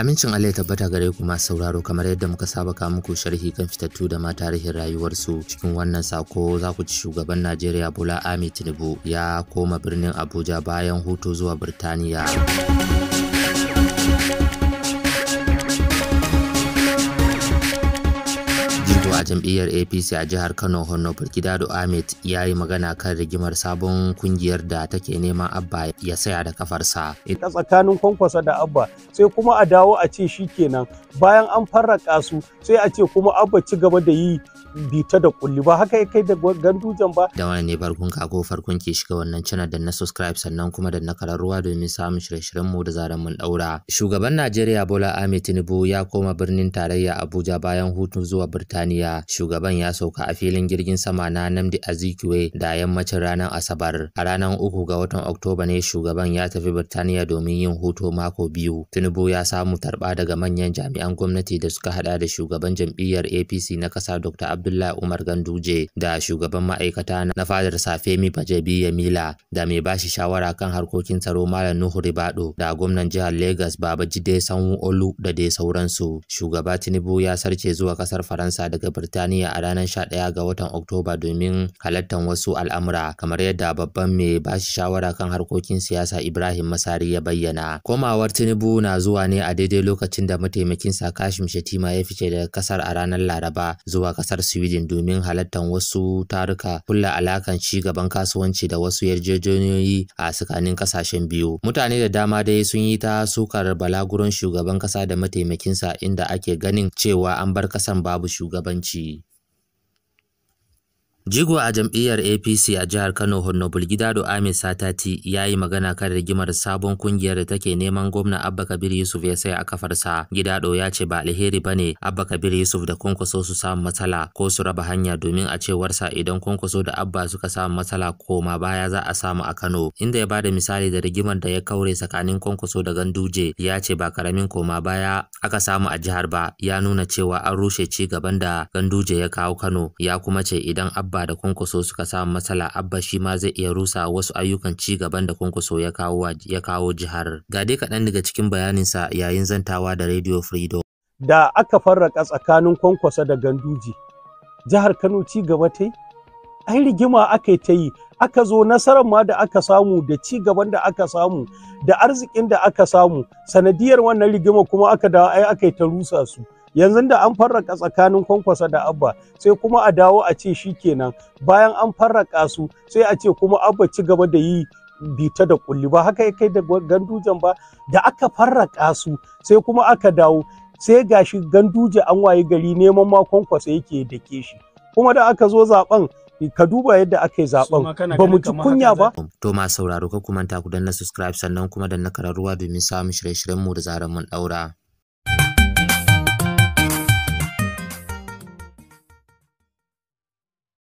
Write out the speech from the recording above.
Amincin Allah ya tabbata gare ku masu sauraro kamar yadda muka saba ka muku sharhi kan fitattu da ma tarihin rayuwarsu cikin wannan sako za ku ci shugaban Najeriya Bola Ahmed Tinubu ya koma birnin Abuja bayan hutu zuwa Birtaniya. jam'iyyar apc a jihar kano honno gidado ahmed ya yi magana kan rigimar sabon kungiyar da take neman abba ya saya da kafarsa ta tsakanin kwankwasa da abba sai kuma a dawo a ce shi kenan bayan an farraka su sai a ce kuma abba ci gaba da yi bita da kulli ba haka ya kai da gandujan ba da wani ne farkon kago farkon ke shiga wannan channel da na subscribe sannan kuma da na kararruwa domin samun shirye-shiryen mu da zaran mun daura shugaban najeriya bola ahmed tinubu ya koma birnin tarayya abuja bayan hutun zuwa birtaniya shugaban ya sauka a filin jirgin sama na Namdi Azikiwe da yammacin ranar Asabar. A ranar uku ga watan Oktoba ne shugaban ya tafi Birtaniya domin yin hutu mako biyu. Tinubu ya samu tarba daga manyan jami'an gwamnati da suka hada da shugaban jam'iyyar APC na kasa Dr. Abdullahi Umar Ganduje da shugaban ma'aikata na fadar Safemi Bajabi Yamila da mai bashi shawara kan harkokin tsaro Malam Nuhu Ribado da gwamnan jihar Lagos Jide Sanwo-Olu da dai sauransu. Shugaba Tinubu ya sarce zuwa kasar Faransa daga Birtaniya Birtaniya a ranar 11 ga watan Oktoba domin halartar wasu al'amura kamar yadda babban mai bashi shawara kan harkokin siyasa Ibrahim Masari ya bayyana. Komawar Tinubu na zuwa ne a daidai lokacin da mataimakin sa Kashim Shatima ya fice daga kasar a ranar Laraba zuwa kasar Sweden domin halartar wasu taruka kulla alakan ci gaban kasuwanci da wasu yarjejeniyoyi a tsakanin kasashen biyu. Mutane da dama dai sun yi ta sukar balaguron shugaban kasa da mataimakinsa inda ake ganin cewa an bar kasan babu shugabanci. Jigo a jam'iyyar APC a jihar Kano Honno Bulgidado Amin Satati ya yi magana kan rigimar sabon kungiyar da take neman gwamna Abba Kabir Yusuf ya sai a kafarsa. Gidado ya ce ba alheri bane Abba Kabir Yusuf da Kwankwaso su samu matsala ko su raba hanya domin a ce warsa idan Kwankwaso da Abba suka samu matsala koma baya za a samu a Kano. Inda ya bada misali da rigimar da ya kaure tsakanin Kwankwaso da Ganduje ya ce ba karamin koma baya aka samu a jihar ba ya nuna cewa an rushe ci gaban da Ganduje ya kawo Kano ya kuma ce idan Abba ba da kunkuso suka samu matsala Abba shi ma zai iya rusa wasu ayyukan ci gaban da Kwankwaso ya kawo ya kawo jihar. Ga dai kaɗan daga cikin bayanin sa yayin zantawa da Radio Freedom. Da aka farraka tsakanin Kwankwaso da ganduji, jihar Kano ci gaba ta yi? Ai rigima aka yi ta yi, aka zo nasarar ma da aka samu da ci gaban da aka samu da arzikin da aka samu sanadiyar wannan rigima kuma aka dawo ai aka ta rusa su. yanzu da an farraka tsakanin kwankwasa da abba sai kuma a dawo a ce shi kenan bayan an farraka su sai a ce kuma abba ci gaba da yi bita da kulli ba haka ya kai da gandujan ba da aka farraka su sai kuma aka dawo sai gashi ganduje an waye gari neman ma kwankwasa yake da ke shi kuma da aka zo zaben ka duba yadda aka yi zaben ba mu ji kunya ba. To ma sauraro ka kuma ta ku na subscribe sannan kuma na kararruwa domin samun shirye-shiryen mu da zarar mun daura.